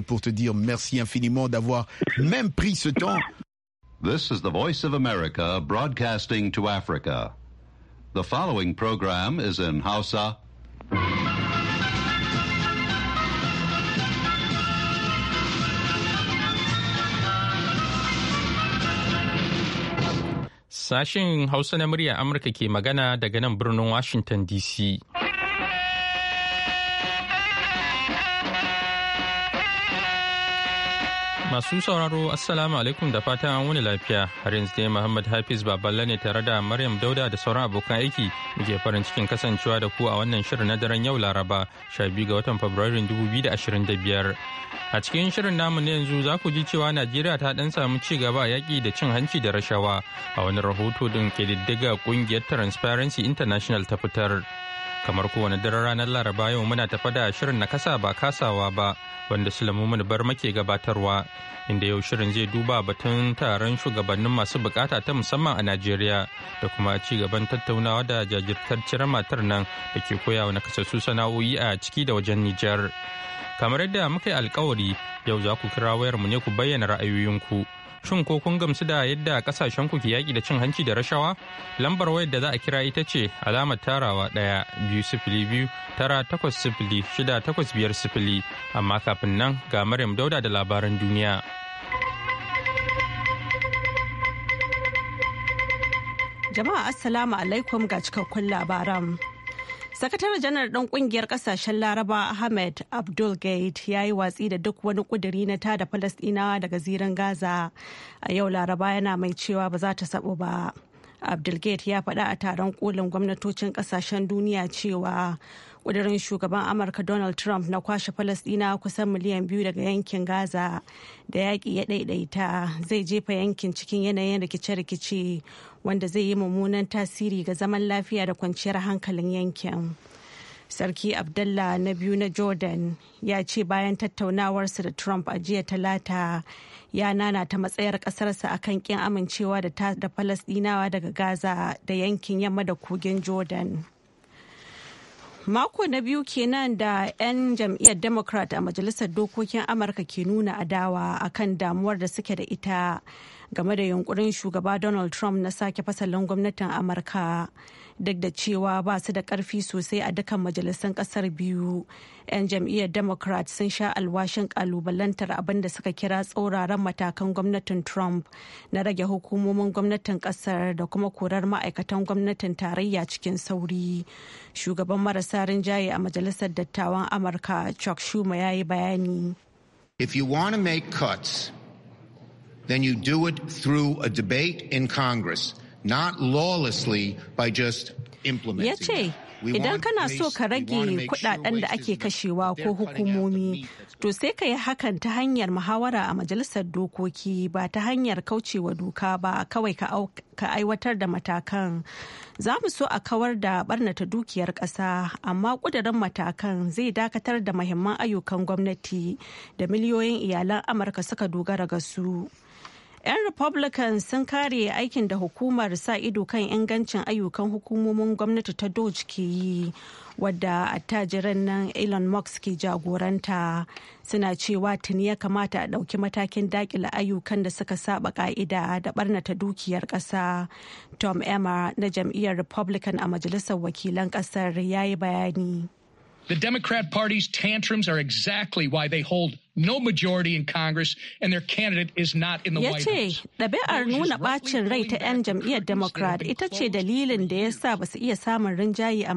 pour te dire merci infiniment d'avoir même pris ce temps. This is the voice of America broadcasting to Africa. The following program is in Hausa. Sashin Hausa na murya Amurka ke magana daga nan birnin Washington DC. Masu sauraro Assalamu alaikum da fatan wani lafiya har yanzu dai Muhammad Hafiz Baballe ne tare da Maryam Dauda da sauran abokan aiki muke farin cikin kasancewa da ku a wannan shirin na daren yau Laraba 12 ga watan Fabrairun 2025. A cikin shirin namu na yanzu za ku ji cewa Najeriya ta dan samu ci gaba a yaƙi da cin hanci da rashawa a wani rahoto din diddiga ƙungiyar Transparency International ta fitar. kamar kowane daren ranar laraba yau muna tafa da shirin na kasa ba kasawa ba wanda mun bar make gabatarwa inda yau shirin zai duba batun taron shugabannin masu bukata ta musamman a najeriya da kuma ci gaban tattaunawa da jajirtacciyar matar nan da ke koyawa na nakasassu sana'o'i a ciki da wajen nijar kamar yadda muka yi alkawari yau za ku kira wayar mu ne ku bayyana ra'ayoyinku Shin ko kun gamsu da yadda kasashen ku ke yaƙi da cin hanci da rashawa? Lambar wayar da za a kira ita ce alamar tarawa ɗaya biyu sifili biyu tara takwas sifili shida takwas biyar sifili amma kafin nan ga Maryam Dauda da labaran duniya. Jama'a Assalamu alaikum ga cikakkun labaran. sakataren janar ɗan ƙungiyar ƙasashen laraba ahmed abdul gaid ya yi watsi da duk wani ƙuduri na da Falastina daga zirin gaza a yau laraba yana mai cewa ba za ta sabo ba abdulgate ya faɗa a taron kolin gwamnatocin ƙasashen duniya cewa kudirin shugaban amurka donald trump na kwashe falasɗina kusan miliyan biyu daga yankin gaza da yaƙi ya ɗaiɗaita zai jefa yankin cikin yanayin rikice-rikice wanda zai yi mummunan tasiri ga zaman lafiya da kwanciyar hankalin yankin sarki abdullah na biyu na jordan ya ce bayan tattaunawarsa da trump a jiya talata ya nana ta matsayar kasarsa kan ƙin amincewa da falasdinawa daga gaza da yankin yamma da kogin jordan mako na biyu kenan da 'yan jam'iyyar democrat a majalisar dokokin amurka ke nuna adawa akan damuwar da suke da ita game da yunkurin shugaba Donald Trump na sake fasalin gwamnatin Amurka duk da cewa ba su da karfi sosai a dukkan majalisun kasar biyu. 'Yan jam'iyyar Democrat sun sha alwashin kalubalantar abinda suka kira tsauraran matakan gwamnatin Trump na rage hukumomin gwamnatin kasar da kuma korar ma'aikatan gwamnatin tarayya cikin sauri. Shugaban marasa rinjaye a majalisar dattawan Amurka Chuck Schumer ya yi bayani. If you want to make cuts, then you do it through a debate in Congress, not lawlessly by just implementing. idan kana so ka rage kudaden da ake kashewa ko hukumomi, to sai ka yi hakan ta hanyar muhawara a majalisar dokoki ba ta hanyar kaucewa doka ba kawai ka aiwatar da matakan. Za mu so a kawar da barnata dukiyar ƙasa, amma ƙudurin matakan zai dakatar da mahimman ayyukan gwamnati da miliyoyin iyalan Amurka suka dogara ga su. 'Yan Republican sun kare aikin da hukumar sa ido kan ingancin ayyukan hukumomin gwamnati ta Doge ke yi, wadda attajiran nan Elon Musk ke jagoranta. Suna cewa tuni ya kamata a ɗauki matakin dakila ayyukan da suka saba ka'ida da barnata dukiyar ƙasa. Tom Emmer na jam'iyyar Republican a Majalisar Wakilan ƙasar ya yi bayani. The Democrat Party's tantrums are exactly why they hold no majority in Congress and their candidate is not in the White House. Ya ɗabi'ar nuna ɓacin rai ta 'yan jam'iyyar Democrat ita ce dalilin da ya sa ba su iya samun rinjaye a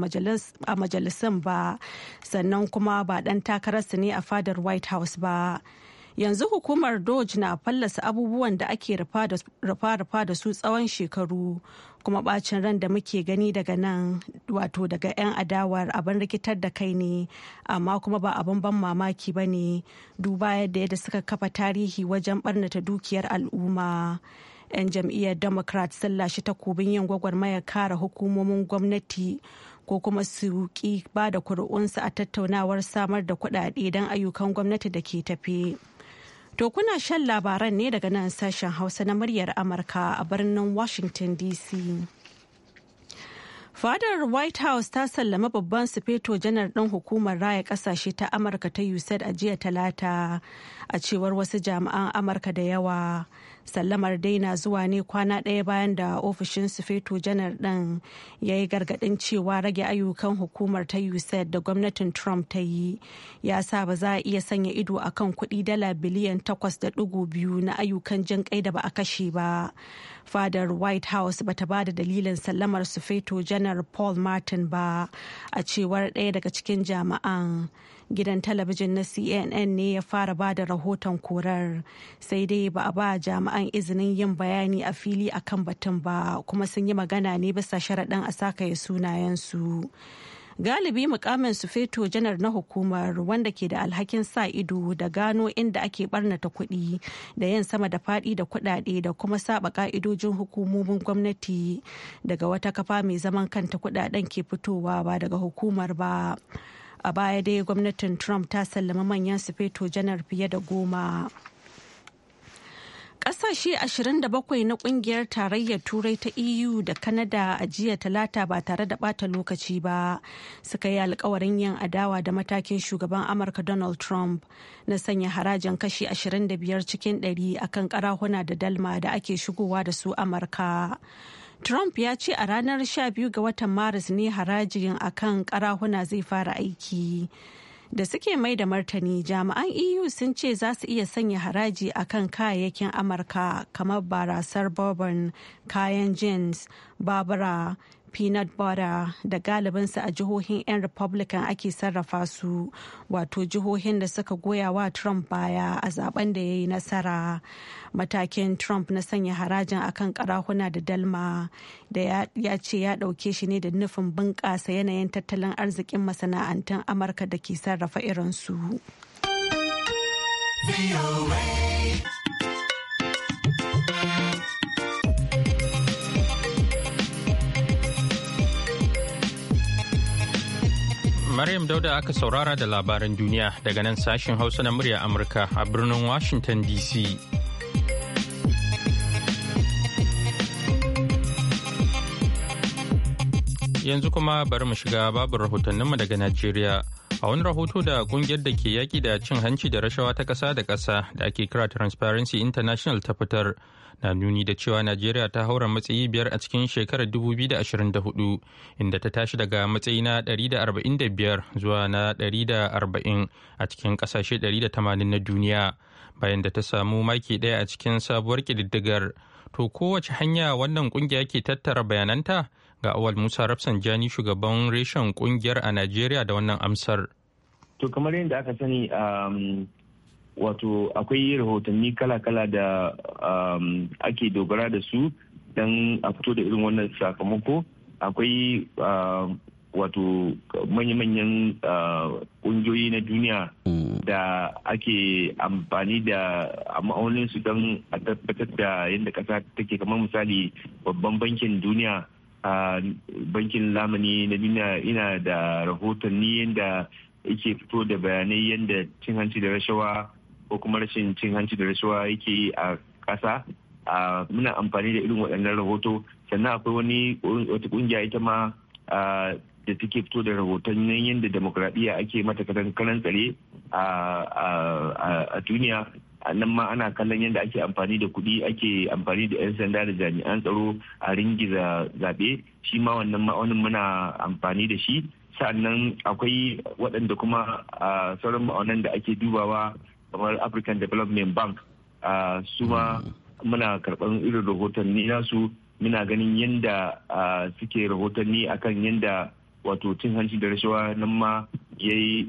majalisun ba, sannan kuma ba ɗan takararsu ne a fadar White House ba. Yanzu hukumar Doge na fallasa abubuwan da ake rufa-rufa da su tsawon shekaru. kuma bacin ran da muke gani daga nan wato daga 'yan adawar abin rikitar da kai ne amma kuma ba abin ban mamaki ba ne duba yadda yadda suka kafa tarihi wajen barnata dukiyar al'umma 'yan jam'iyyar democrat sun lashe takobin yin gwagwarmaya kara hukumomin gwamnati ko kuma su ki ba da kuri'unsa a tattaunawar samar da kuɗaɗe don ayyukan gwamnati da ke tafe. To kuna shan labaran ne daga nan sashen Hausa na muryar Amurka a birnin Washington DC. Fadar White House ta sallama babban sufeto janar ɗin hukumar raya ƙasashe ta Amurka ta USAID a jiya talata a cewar wasu jami'an Amurka da yawa. sallamar daina zuwa ne kwana ɗaya bayan da ofishin sufeto janar ɗin ya yi gargaɗin cewa rage ayyukan hukumar ta usaid da gwamnatin trump ta yi ya sa ba za a iya sanya ido a kan kuɗi dala biliyan 8.2 na ayyukan jin kai da ba a kashe ba fadar white house ba ta ba da dalilin sallamar sufeto janar paul martin ba a cewar ɗaya daga cikin jami'an gidan talabijin na cnn ne ya fara ba da rahoton korar sai dai ba a ba jami'an izinin yin bayani a fili akan batun ba kuma sun yi magana ne bisa sharaɗin a sakaye sunayensu galibi mukamin su feto janar na hukumar wanda ke da alhakin sa ido da gano inda ake barnata kuɗi da yin sama da faɗi da kuɗaɗe da kuma saba ka'idojin hukumomin gwamnati daga wata kafa mai zaman kanta kuɗaɗen ke fitowa ba daga hukumar ba a baya dai gwamnatin trump ta sallama manyan sufeto janar fiye da goma Ƙasashe 27 na ƙungiyar tarayyar Turai ta EU da Kanada a jiya talata ba tare da ɓata lokaci ba suka yi alkawarin yin adawa da matakin shugaban Amurka Donald Trump na sanya harajin kashi 25 cikin 100 akan karahuna da dalma da ake shigowa da su Amurka. Trump ya ce a ranar 12 ga watan Maris ne harajin akan karahuna zai fara aiki. Da suke mai da martani jami'an EU sun ce za su iya sanya haraji a kan kayayyakin Amurka kamar barasar bourbon, kayan jeans, babura, peanut butter da galibinsu a jihohin 'yan republican ake sarrafa su wato jihohin da suka goya wa trump baya a zaben da ya yi nasara matakin trump na sanya harajin akan karahuna da dalma da ya ce ya dauke shi ne da nufin bunƙasa yanayin tattalin arzikin masana'antun amurka da ke sarrafa irinsu. Maryam Dauda aka saurara da labaran duniya daga nan sashen Hausa na murya Amurka a birnin Washington DC. Yanzu kuma bari mu shiga babu rahotanninmu daga Najeriya. A wani rahoto da kungiyar da ke yaƙi da cin hanci da rashawa ta ƙasa da ƙasa da ake kira Transparency International ta fitar na nuni da cewa Najeriya ta haura matsayi biyar a cikin shekarar 2024 inda ta tashi daga matsayi na 145 zuwa na 140 a cikin ƙasashe 180 na duniya bayan da ta samu maki ɗaya a cikin sabuwar ƙididdigar. To kowace hanya wannan kungiya ke tattara bayananta? Ga awal Musa jani shugaban reshen kungiyar a Najeriya da wannan amsar. To kamar yadda aka sani um, wato akwai rahotanni kala-kala da um, ake dogara da su don a fito da irin wannan sakamako akwai um, wato manya-manyan ƙungiyoyi uh, na duniya da ake amfani da ma'aunin su don a tabbatar da yadda kasa take kamar misali babban bankin duniya bankin lamani na duniya ina da rahotanni yadda yake fito da bayanai yadda cin hanci da rashawa ko kuma rashin cin hanci da rashawa yake yi a ƙasa muna amfani da irin waɗannan rahoto sannan akwai wani wata ƙungiya ita ma da take fito da rahotannin yadda demokradiyya ake mata karan tsare a duniya a nan ma ana kallon yadda ake amfani da kuɗi ake amfani da 'yan sanda da jami'an tsaro a ringiza zaɓe shi ma wannan ma'aunin muna amfani da shi sa'annan akwai waɗanda kuma a sauran ma'aunan da ake dubawa kamar african development bank su ma muna karɓar irin rahotanni nasu muna ganin yadda suke rahotanni akan yadda wato cin hanci da rashawa nan ma ya yi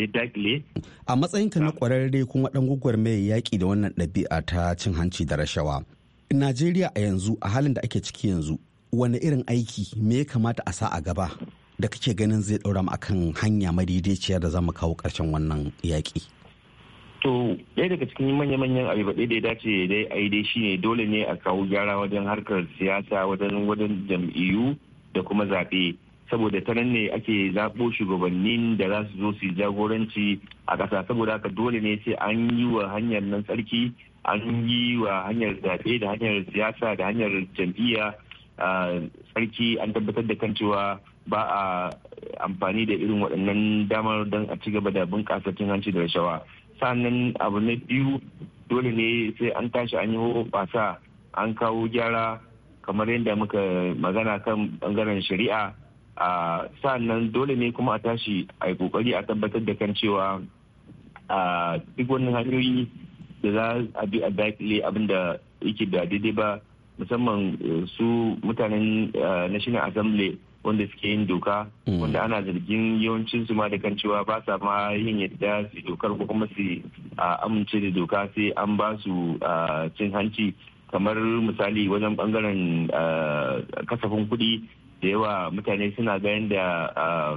ya dakile. A matsayinka na kwararre kuma ɗan mai yaƙi da wannan ɗabi'a ta cin hanci da rashawa. Najeriya a yanzu a halin da ake ciki yanzu wani irin aiki me ya kamata a sa a gaba da kake ganin zai ɗaura mu akan hanya madaidaiciya da za mu kawo ƙarshen wannan yaƙi. to ɗaya daga cikin manya-manyan abu ɗaya da ya dace dai a yi dai shine dole ne a kawo gyara wajen harkar siyasa wajen wajen jam'iyyu da kuma zaɓe saboda ta nan ne ake zaɓo shugabannin da za su zo su jagoranci a ƙasa saboda haka dole ne sai an yi wa hanyar nan tsarki an yi wa hanyar zaɓe da hanyar siyasa da hanyar jam'iyya tsarki an tabbatar da kan cewa ba a amfani da irin waɗannan damar don a ci gaba da bunƙasa cin hanci da rashawa sannan abu na biyu dole ne sai an tashi an yi wasa an kawo gyara kamar yadda muka magana kan ɓangaren shari'a a sa'annan dole ne kuma a tashi a yi kokari a tabbatar da kan cewa a duk wani hanyoyi da za a bi a dakile abinda yake da daidai ba musamman e, su mutanen e, national assembly wanda suke yin doka mm. wanda ana zargin yawancin su ma da kan cewa ba sa ma yin yadda su dokar ko kuma su amince da doka sai an ba su cin hanci kamar misali wajen bangaren kasafin kuɗi da yawa mutane suna ganin da ah,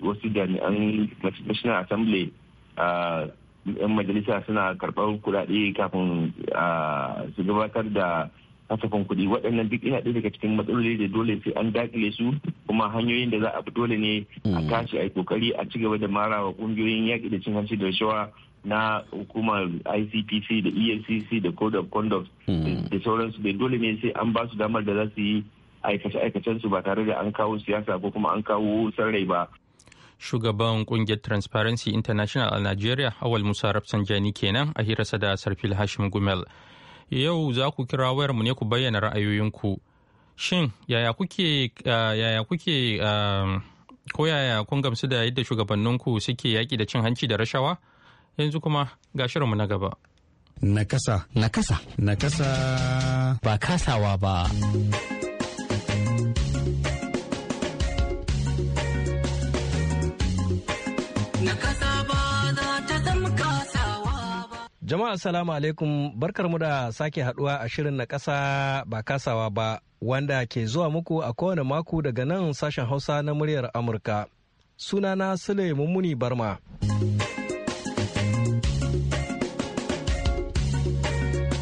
wasu jami'an national assembly ah, yan majalisa suna karɓar kuɗaɗe kafin ah, su gabatar da kasafin kuɗi waɗannan duk ina ɗaya daga cikin matsaloli da dole sai an dakile su kuma hanyoyin da za a bi dole ne a mm. tashi a yi kokari a ci gaba da marawa ƙungiyoyin yaƙi da cin hanci da rashawa na hukumar icpc da efcc da code of conduct mm. da sauransu da dole ne sai an ba su damar da za su yi aikace su ba tare da an kawo siyasa ko kuma an kawo sarrai ba. Shugaban ƙungiyar Transparency International a Nigeria, Awal Musa Rafsanjani kenan a hirarsa da Sarfil Hashim Gumel. Yau za ku kira wayar mu ne ku bayyana ra'ayoyinku. Shin yaya kuke yaya kuke ko yaya kun gamsu da yadda shugabanninku suke yaƙi da cin hanci da rashawa? Yanzu kuma ga shirinmu na gaba. Nakasa. Nakasa. Nakasa. Ba kasawa ba. Jama'a salamu alaikum barkar mu da sake haduwa a shirin na kasa ba kasawa ba wanda ke zuwa muku a kowane mako daga nan sashen hausa na muryar Amurka. Sunana Sule Mummuni Barma.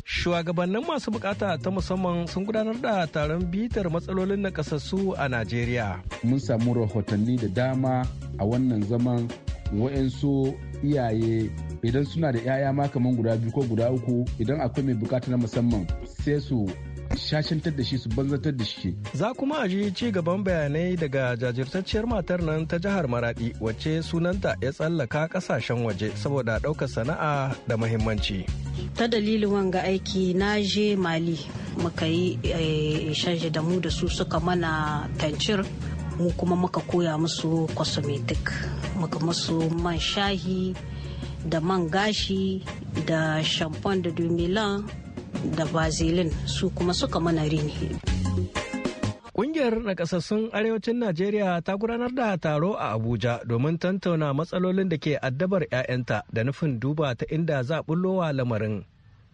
Shugabannin masu bukata ta musamman sun gudanar da taron bitar matsalolin nakasassu a Najeriya. Mun samu rahotanni da dama a wannan zaman wa'insu iyaye idan suna da 'ya'ya ma kamar guda biyu ko guda uku idan akwai mai bukata na musamman sai su shashantar da shi su banzatar da shi. Za kuma a ji ci gaban bayanai daga jajirtacciyar matar nan ta jihar Maradi wacce sunanta ya tsallaka kasashen waje saboda ɗaukar sana'a da muhimmanci. Ta dalilin wanga aiki na je Mali muka yi eh, shanje da mu da su suka mana tancir mu kuma muka koya musu cosmetic muka musu man shahi da man gashi da shamfon da dumilan da bazilin su kuma suka mana rini. Kungiyar nakasassun arewacin Najeriya ta gudanar da taro a Abuja domin tantauna matsalolin da ke addabar 'ya'yanta da nufin duba ta inda za bullowa lamarin.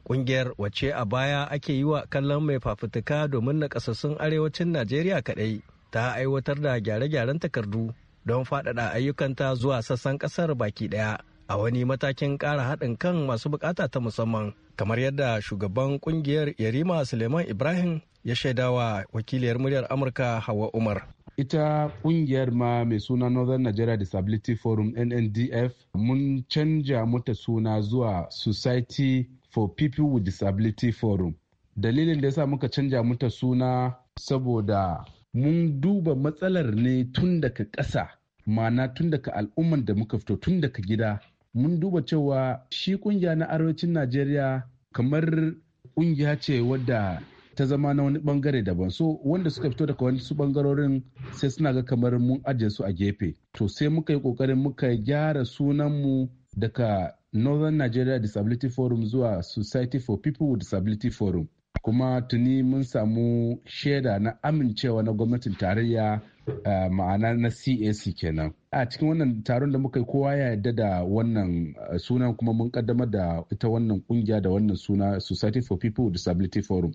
Kungiyar wacce a baya ake yi wa kallon mai fafutuka domin nakasassun arewacin Najeriya kaɗai ta aiwatar da gyare-gyaren takardu don faɗaɗa ayyukanta zuwa sassan ƙasar baki ɗaya. a wani matakin ƙara haɗin kan masu bukata ta musamman kamar yadda shugaban kungiyar yarima suleiman ibrahim ya shaidawa wakiliyar muryar amurka hawa umar ita kungiyar ma mai suna northern nigeria disability forum nndf mun canja mata suna zuwa society for people with disability forum dalilin da yasa muka canja mata suna saboda mun duba matsalar ne tun daga ƙasa ma'ana tun daga al'umman da muka fito tun daga gida mun duba cewa shi kungiya na arewacin najeriya kamar kungiya ce wadda ta zama na wani bangare daban so wanda suka fito daga wani su bangarorin sai suna ga kamar mun ajiye su a gefe to sai muka yi kokarin muka gyara sunanmu daga northern nigeria disability forum zuwa society for people with disability forum kuma tuni mun samu shaida na amincewa na gwamnatin tarayya Eh, ma'ana na cac kenan a cikin wannan taron da muka yi kowa ya yadda da wannan eh, sunan kuma mun kaddamar da ita wannan kungiya da wannan suna society for people with disability forum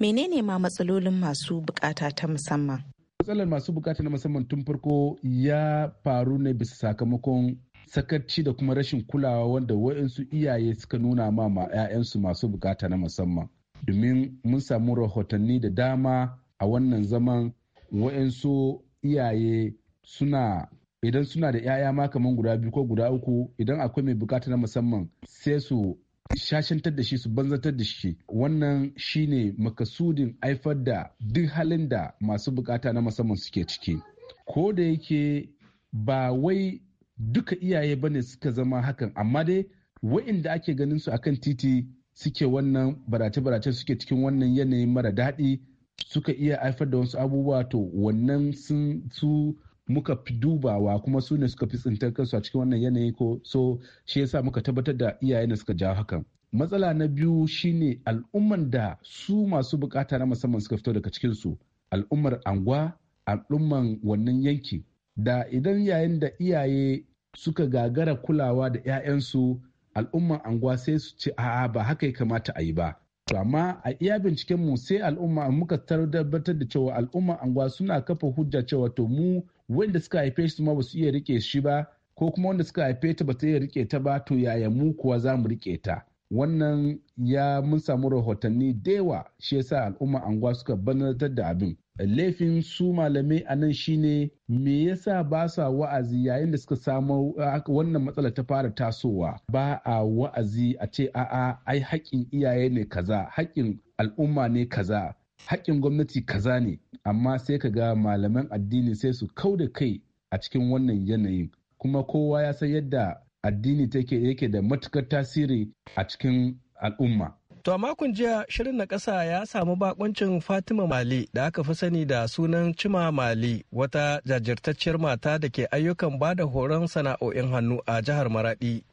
menene ma matsalolin masu bukata ta musamman matsalar masu bukata na musamman tun farko ya faru ne bisa sakamakon sakarci da kuma rashin kulawa wanda wa'yansu iyaye suka nuna ma 'ya'yansu masu bukata na musamman domin mun samu rahotanni da dama a wannan zaman wa'yansu. iyaye suna idan suna da 'ya'ya ma kaman guda biyu ko guda uku idan akwai mai bukata na musamman sai su shashantar da shi su banzatar da shi wannan shine makasudin aifar da duk halin da masu bukata na musamman suke ciki ko da yake ba wai duka iyaye bane suka zama hakan amma dai wa'inda ake ganin su akan titi suke wannan barace-barace suke cikin wannan yanayin mara daɗi suka iya haifar da wasu abubuwa to wannan sun su muka fi dubawa kuma su ne suka fi tsintar kansu a cikin wannan yanayi ko so shi yasa muka tabbatar da iyaye da suka jawo hakan matsala na biyu shine al'umman da su masu bukata na musamman suka fito daga cikinsu al'ummar angwa al'umman wannan yanki da idan yayin da iyaye suka gagara kulawa da 'ya'yansu al'umman anguwa sai su ce a'a ba haka ya kamata a yi ba to amma a iya binciken mu sai al'umma muka tabbatar da cewa al'umma anguwa suna kafa hujja cewa to mu wanda suka haife shi ma ba su iya rike shi ba ko kuma wanda suka haife ta ba su iya rike ta ba to yaya mu kuwa za mu rike ta wannan ya mun samu rahotanni da yawa shi yasa al'umma anguwa suka banatar da abin laifin su malamai a nan shine me yasa ba sa wa'azi yayin da suka samu ah, wannan matsala ta fara tasowa ba a wa'azi a ce a'a ai haƙƙin iyaye ne kaza haƙƙin al'umma ne kaza haƙƙin gwamnati kaza ne amma sai ka ga malaman addini sai su kau da kai a cikin wannan yanayin kuma kowa ya san yadda addini take yake da matukar tasiri a cikin al'umma To a makon jiya shirin na ƙasa ya samu bakoncin Fatima Mali da aka fi sani da sunan Cima Mali wata jajirtacciyar mata da ke ayyukan ba da horon sana'o'in hannu a jihar Maradi.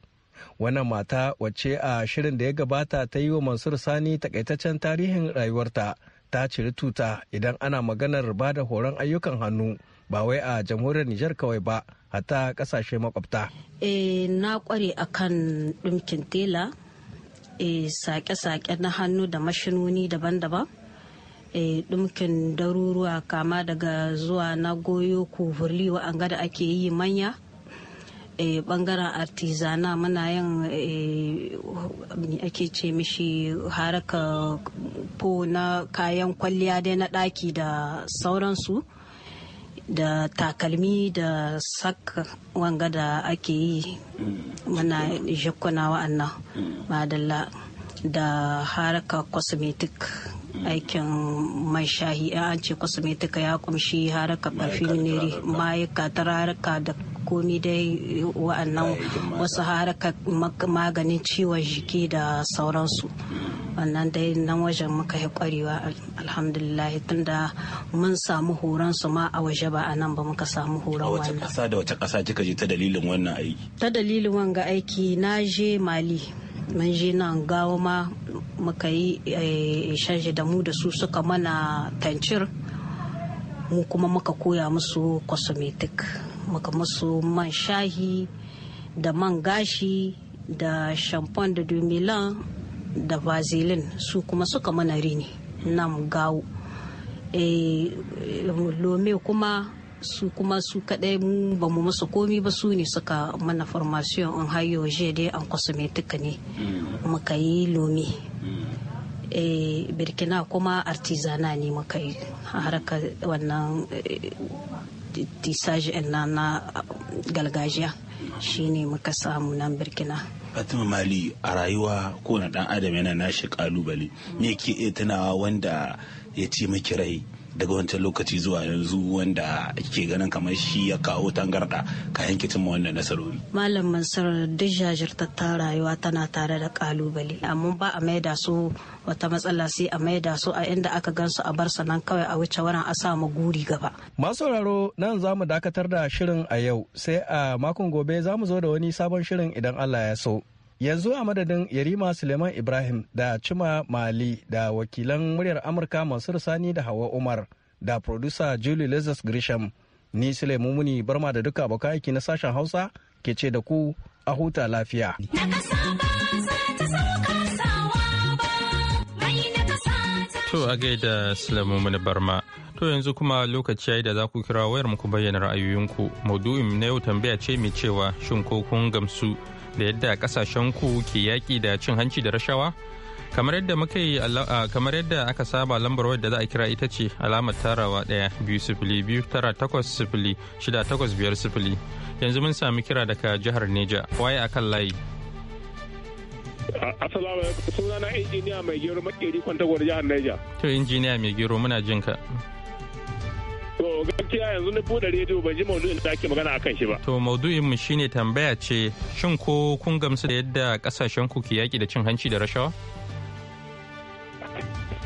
Wannan mata wacce a shirin da ya gabata ta yi wa Mansur Sani takaitaccen tarihin rayuwarta ta ciri tuta idan ana maganar ba da horon ayyukan hannu ba wai a jamhuriyar Nijar kawai ba hatta kasashe makwabta. Eh na kware akan ɗinkin tela Eh, sake-sake na hannu da mashinuni daban-daban Dumkin eh, daruruwa kama daga zuwa na goyo wa anga da ake yi manya bangaren eh, artizana muna yin ake ce mishi haraka po na kayan kwalliya dai na daki da sauransu da takalmi da sak wanga da ake yi mana jikuna wa'annan madalla da haraka cosmetic aikin mai shahi an ce cosmetic ya kumshi harka perfumery mayuka tararka da komi dai wa'annan wasu harkar maganin ciwon jiki da sauransu wannan dai nan wajen muka yi kwarewa alhamdulillah tunda mun samu horon su ma a waje ba a nan ba muka samu horon wannan. A wace kasa da wace kasa kika je ta dalilin wannan aiki? Ta dalilin wanga aiki na je Mali mun je nan gawo ma muka yi eh, shanje da mu da su suka mana tancir mu kuma muka koya musu cosmetic muka musu man shahi da man gashi da shamfon da dumilan da vaseline su kuma suka mana rini nam gawo e, lome kuma su kuma su kadai ba mu musu komi ba su ne suka mana formation in hayo dai an tuka ne mm. muka yi lome mm. e, eh, birkina kuma artizana ne muka yi harkar wannan eh, tisage na na galgajiya shi ne muka samu nan birkina fatima mali a rayuwa kowane dan adam yana nashi kalubale me ke iya tunawa wanda ya ci miki rai daga wancan lokaci zuwa yanzu wanda ke ganin kamar shi ya kawo tangarda yanke cimma wannan nasarori. Malam Mansur duk jajirtattar rayuwa tana tare da kalubale amma ba a maida su wata matsala sai a maida su a inda aka gan su a bar nan kawai a wuce wurin a samu guri gaba. Masu sauraro nan za mu dakatar da shirin a yau sai a makon gobe za mu zo da wani sabon shirin idan Allah ya so. yanzu a madadin yarima suleiman ibrahim da cima mali da wakilan muryar amurka masu sani da hawa umar da producer julie lazarus grisham ni suleiman muni barma da duka abokan aiki na sashen hausa ke ce da ku a huta lafiya to a gaida suleiman muni barma to yanzu kuma lokaci yayi da za ku kira wayar mu ku bayyana ra'ayoyinku maudu'in na yau tambaya ce mai cewa shin ko kun gamsu da yadda kasashen ku ke yaƙi da cin hanci da rashawa? Kamar yadda muka yi kamar yadda aka saba lambar wadda za a kira ita ce alamar tarawa ɗaya biyu sifili biyu tara takwas sifili shida takwas biyar sifili. Yanzu mun sami kira daga jihar Neja. Waye akan layi? Assalamu alaikum sunana injiniya mai gero makeri kwantagwar jihar Neja. To injiniya mai gero muna jinka. ka. gaskiya yanzu na buɗe rediyo ban ji maudu'in da ake magana akan shi ba. To maudu'in mu shine tambaya ce shin ko kun gamsu da yadda kasashen ku ke yaki da cin hanci da rashawa?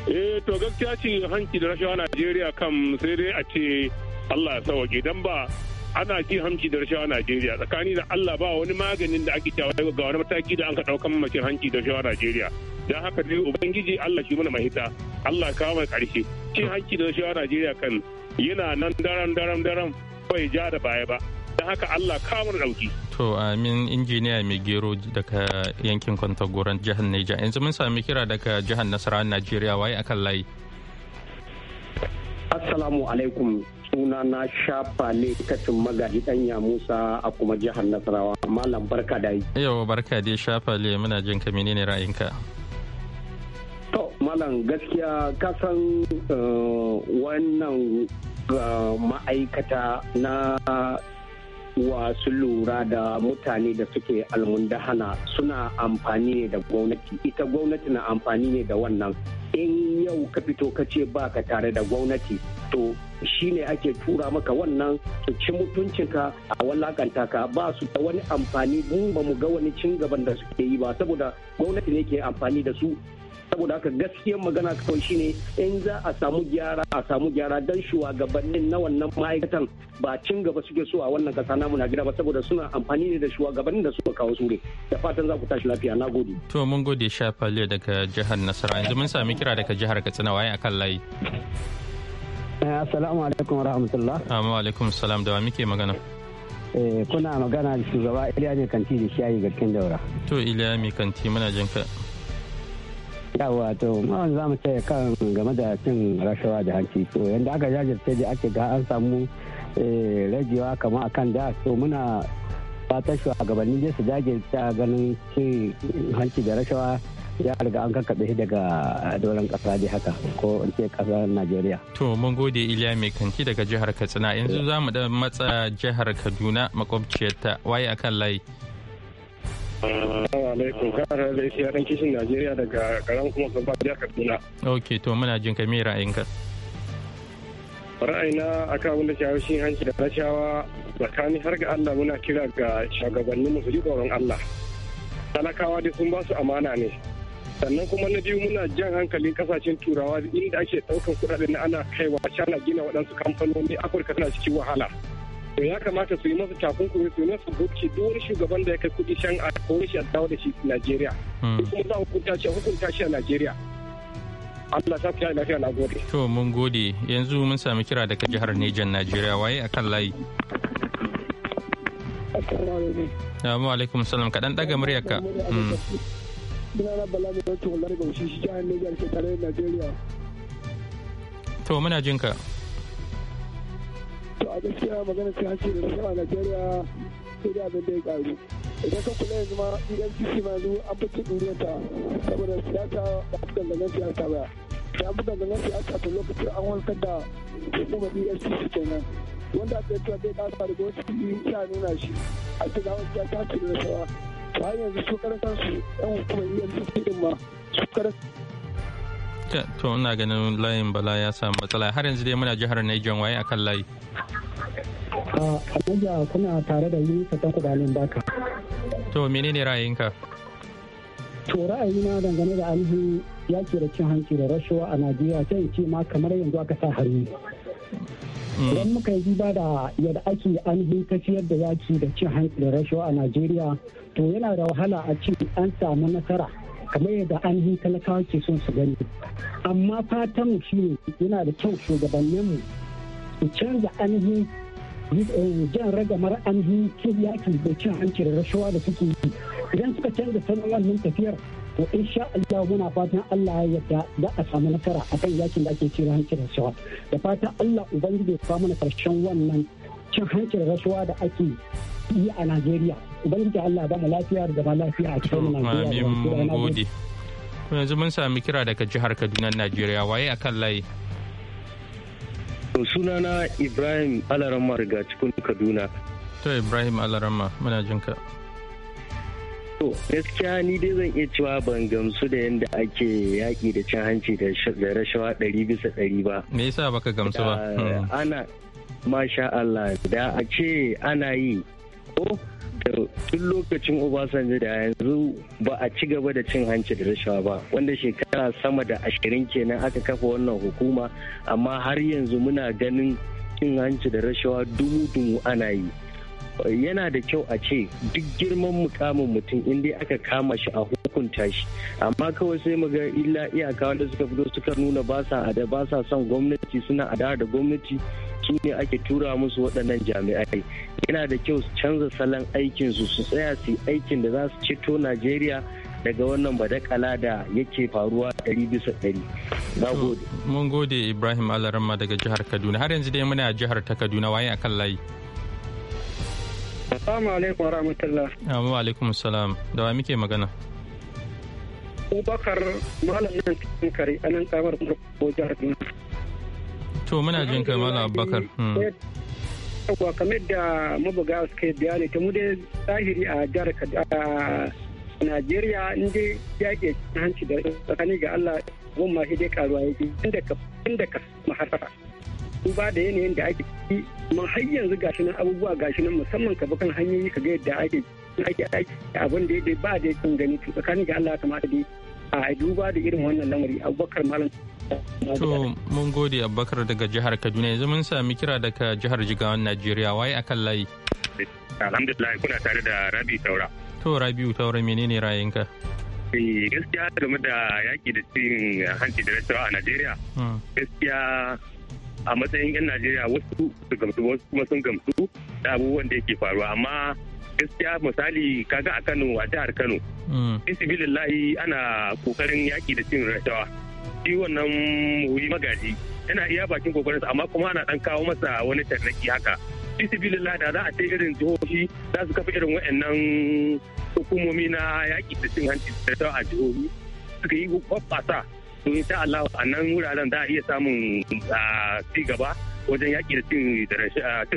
Eh to gaskiya cin hanci da rashawa Najeriya kam sai dai a ce Allah ya sauke dan ba ana cin hanci da rashawa Najeriya tsakani da Allah ba wani maganin da ake cewa ga wani mataki da an ka daukan mace hanci da rashawa Najeriya. Dan haka dai ubangiji Allah shi mana mahita Allah kawo mai karshe cin hanci da rashawa Najeriya kan yana nan daram daram daram bai ja da baya ba don haka Allah kamar dauki to amin injiniya mai gero daga yankin kwantagoran jihar Neja yanzu mun sami kira daga jihar Nasarawa Najeriya waye akan layi Assalamu alaikum suna na shafa ne katin magaji ya musa a kuma jihar nasarawa malam barka da yi yawa barka dai shafa ne muna jin ka menene ra'ayinka to malam gaskiya kasan eh, wannan ga ma'aikata na wasu lura da mutane da suke almundahana suna amfani ne da gwamnati ita gwamnati na amfani ne da wannan in yau ka fito ka ce ba ka tare da gwamnati to shi shine ake tura maka wannan su ci mutuncinka a wallakanta ka ba su da wani amfani mun ba mu ga wani cin gaban da suke yi ba saboda gwamnati ne ke amfani da su saboda haka gaskiyar magana kawai shine in za a samu gyara a samu gyara dan shugabannin na wannan ma'aikatan ba cin gaba suke so a wannan kasa namu gida ba saboda suna amfani ne da shugabannin da suka kawo sure da fatan za ku tashi lafiya na gode to mun gode sha faliyo daga jihar Nasara yanzu mun sami kira daga jihar Katsina waye akan layi eh, Assalamu alaikum ah, wa rahmatullah. Amma alaikum salam da wa muke magana. Eh, kuna magana da shugaba iliya mai kanti da shayi garkin daura to iliya mai kanti muna jin ka yawa to mawan za mu ce kan game da cin rashawa da hanci to yadda aka jajirce da ake ga an samu eh, rajewa kama akan da so muna fatan shugabanni dai su a ganin cin hanci da rashawa ya riga an kakkaɓe shi daga doron ƙasa da haka ko in ce ƙasar Najeriya. To mun gode Iliya mai kanti daga jihar Katsina yanzu za mu da matsa jihar Kaduna makwabciyarta waye akan layi. alaikum kara da kishin najeriya daga karan kuma gaba jihar kaduna ok to muna jin ka me ka. ra'ayina akan abin da ke haushin hanci da rashawa tsakani har ga allah muna kira ga shugabannin su ji tsoron allah talakawa dai sun ba su amana ne sannan kuma na biyu muna jan hankalin kasashen turawa inda ake ɗaukan kuɗaɗen ana kaiwa ana gina waɗansu kamfanoni afirka tana cikin wahala to ya kamata su yi masa takunkumi su yi masa bukci duk wani shugaban da ya kai kudi shan a kore shi a dawo da shi Najeriya hmm. ko kuma za a hukunta shi a hukunta shi a Najeriya Allah ta fiya lafiya na gode to mun gode yanzu mun sami kira daga jihar Nijar Najeriya waye akan layi Assalamu alaikum salam kaɗan ɗaga muryarka. Hmm. Sunana Bala mai wancan gaushi shi jihar Nijar ke tare da Najeriya. To muna jinka. ka. to a gaskiya magana ta hanci da a najeriya sai da abin da ya karu idan ka kula yanzu ma idan cc ma yanzu an fice ta saboda siyasa da a fi gangan siyasa ba da an fi gangan siyasa ta lokacin an wanka da hukumar efcc kenan wanda a tsaye bai kasa da wasu kuɗi ya nuna shi a ce hawan siyasa ta ce da rashawa ta yanzu su karantar su yan hukumar efcc din ma su karantar to ina ganin layin bala ya samu matsala har yanzu dai muna jihar Niger waye akan layi Abuja kuna tare da Yunusa Tanko Dalin Baka. To menene ra'ayinka? To ra'ayina dangane da ya yaki da cin hanci da rashawa a Najeriya sai ce ma kamar yanzu aka sa hari. Mm. Idan muka yi duba da yadda ake ta ciyar da yaki da cin hanci da rashawa a Najeriya to yana da wahala a ce an samu nasara kamar yadda an yi talakawa ke son su gani amma fatanmu shi ne yana da kyau shugabanninmu su canza ainihin eh, jan ragamar ainihin yakin da cin hanci da rashawa da suke yi idan suka canza sanin wannan tafiyar to sha Allah muna fatan Allah ya yarda za a samu nasara a kan yakin da ake cin hanci da rashawa da fatan Allah ubangiji ya samu na karshen wannan cin hanci da rashawa da ake yi a Najeriya ubangiji Allah ba mu lafiya da zama lafiya a cikin Najeriya yanzu mun sami kira daga jihar Kaduna Najeriya waye a kan layi sunana Ibrahim Alarama daga cikin Kaduna to Ibrahim Alarama muna jin ka To gaskiya ni dai zan iya cewa ban gamsu da yadda ake yaƙi da cin hanci da rashawa ɗari bisa ɗari ba. Me yasa baka gamsu ba? Hmm. Ana masha Allah da a ce ana yi ko saboda tun lokacin obasanjo da yanzu ba a ci gaba da cin hanci da rashawa ba wanda shekara sama da ashirin kenan aka kafa wannan hukuma amma har yanzu muna ganin cin hanci da rashawa dumu-dumu ana yi yana da kyau a ce duk girman mukamin mutum in dai aka kama shi a hukunta shi amma kawai sai mu ga illa iyaka wanda suka fito suka nuna ba sa ada ba sa son gwamnati suna ada da gwamnati su ne ake tura musu waɗannan jami'ai yana da kyau su canza salon aikinsu su tsaya su aikin da za su ceto najeriya daga wannan badakala da yake faruwa ɗari bisa ɗari. Mun gode Ibrahim Alarama daga jihar Kaduna. Har yanzu dai muna jihar ta Kaduna waye akan layi. Assalamu alaikum wa rahmatullah. Ah, wa salam. Da wa muke magana? Abubakar nan cikin kare a nan kamar ko jihar To muna jin kai malam Abubakar. Hmm. Yawwa kamar da mabuga bayani ta mu dai zahiri a jihar Najeriya in dai hanci da tsakani ga Allah shi dai ka inda ka duba da yanayin da ake ciki kuma har yanzu gashi nan abubuwa gashi nan musamman ka kan hanyoyi ka ga yadda ake ake ake abin da yadda ba da kan gani to tsakanin ga Allah kamata dai a duba da irin wannan lamari Abubakar Malam To mun gode Abubakar daga jihar Kaduna yanzu mun sami kira daga jihar Jigawan Najeriya waye akan layi Alhamdulillah kuna tare da Rabi Taura To Rabiu Taura menene rayinka eh, gaskiya game da yaki da cin hanci da rashawa a Najeriya hmm. gaskiya a matsayin 'yan najeriya wasu su gamsu wasu kuma sun gamsu da abubuwan da yake faruwa amma gaskiya misali kaga a kano a jihar kano bisibilillahi mm. ana kokarin yaki da cin rashawa shi wannan muhi magaji yana iya bakin kokarinsa amma kuma ana dan kawo masa wani tarnaki haka bisibilillah da za a ce irin jihohi za su kafa irin wa'annan hukumomi na yaki da cin hanci da rashawa a jihohi suka yi hoɓɓasa insha Allah a nan wuraren za iya samun ci gaba wajen yaƙi da cin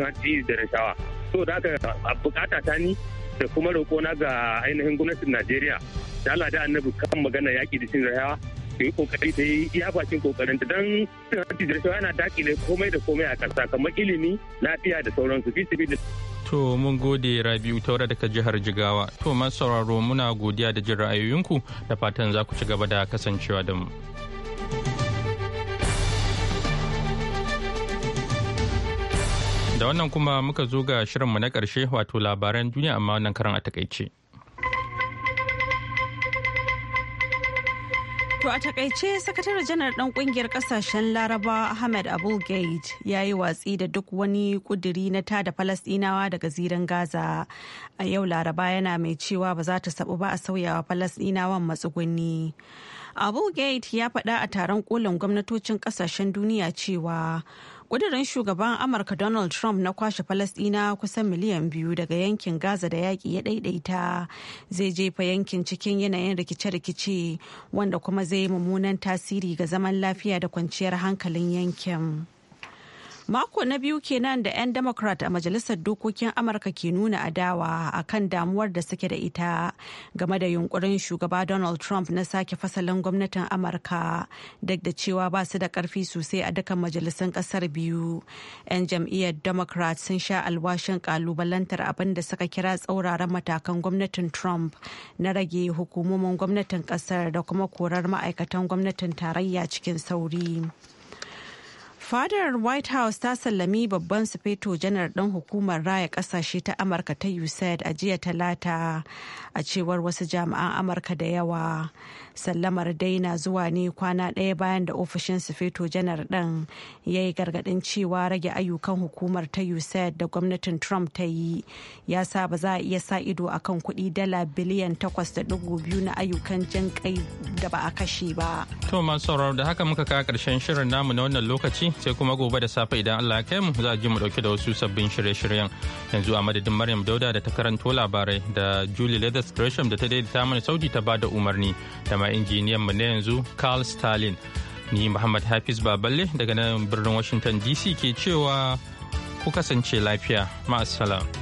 hanci da rashawa so da aka a bukata ta ni da kuma roƙona ga ainihin gwamnatin Najeriya da Allah da annabi kan magana yaƙi da cin rashawa ta yi kokari ta yi iya bakin kokarin ta don cin rashawa yana dakile komai da komai a ƙasa kamar ilimi lafiya da sauransu fi da To mun gode Rabiu Taura daga jihar Jigawa. To masu sauraro muna godiya da jin ra'ayoyinku da fatan za ku ci gaba da kasancewa da mu. Da wannan kuma muka zo ga shirinmu na ƙarshe wato labaran duniya amma wannan karan a takaice. To a takaice sakataren janar ɗan ƙungiyar ƙasashen Laraba Ahmed Abul Gate ya yi watsi da duk wani kuduri na tada Falasɗinawa daga zirin Gaza. A yau Laraba yana mai cewa ba za ta sabu ba a sauyawa Falasɗinawan matsuguni. Abul Gate ya faɗa a taron kolin gwamnatocin ƙasashen duniya cewa kudirin shugaban Amurka Donald Trump na kwashe Falasɗina kusan miliyan biyu daga yankin Gaza da yaƙi ya ɗaiɗaita zai jefa yankin cikin yanayin rikice-rikice wanda kuma zai yi mummunan tasiri ga zaman lafiya da kwanciyar hankalin yankin. Mako na biyu kenan da 'yan Democrat a Majalisar Dokokin Amurka ke nuna adawa a kan damuwar da suke da ita game da yunkurin shugaba Donald Trump na sake fasalin gwamnatin Amurka duk da cewa ba su da karfi sosai a dukkan majalisun kasar biyu. 'Yan jam'iyyar Democrat sun sha alwashin kalubalantar abin da suka kira tsauraran matakan gwamnatin Trump na rage hukumomin gwamnatin kasar da kuma korar ma'aikatan gwamnatin tarayya cikin sauri. Fadar White House ta sallami babban sufeto janar ɗan hukumar raya ƙasashe ta Amurka ta USAID a jiya talata a cewar wasu jami'an Amurka da yawa. sallamar daina zuwa ne kwana ɗaya bayan da ofishin sufeto janar ɗin ya yi gargaɗin cewa rage ayyukan hukumar ta usaid da gwamnatin trump ta yi ya sa ba za a iya sa ido akan kuɗi dala biliyan 8.2 na ayyukan jin kai da ba a kashe ba. to masu sauraro da haka muka kawo karshen shirin namu na wannan lokaci sai kuma gobe da safe idan allah ya kai mu za a ji mu ɗauki da wasu sabbin shirye-shiryen yanzu a madadin maryam dauda da ta karanto labarai da julie leathers gresham da ta daidaita mana sauti ta ba da umarni da dama injiniyan mu na yanzu Carl Stalin ni Muhammad Hafiz Baballe daga nan birnin Washington DC ke cewa ku kasance lafiya salam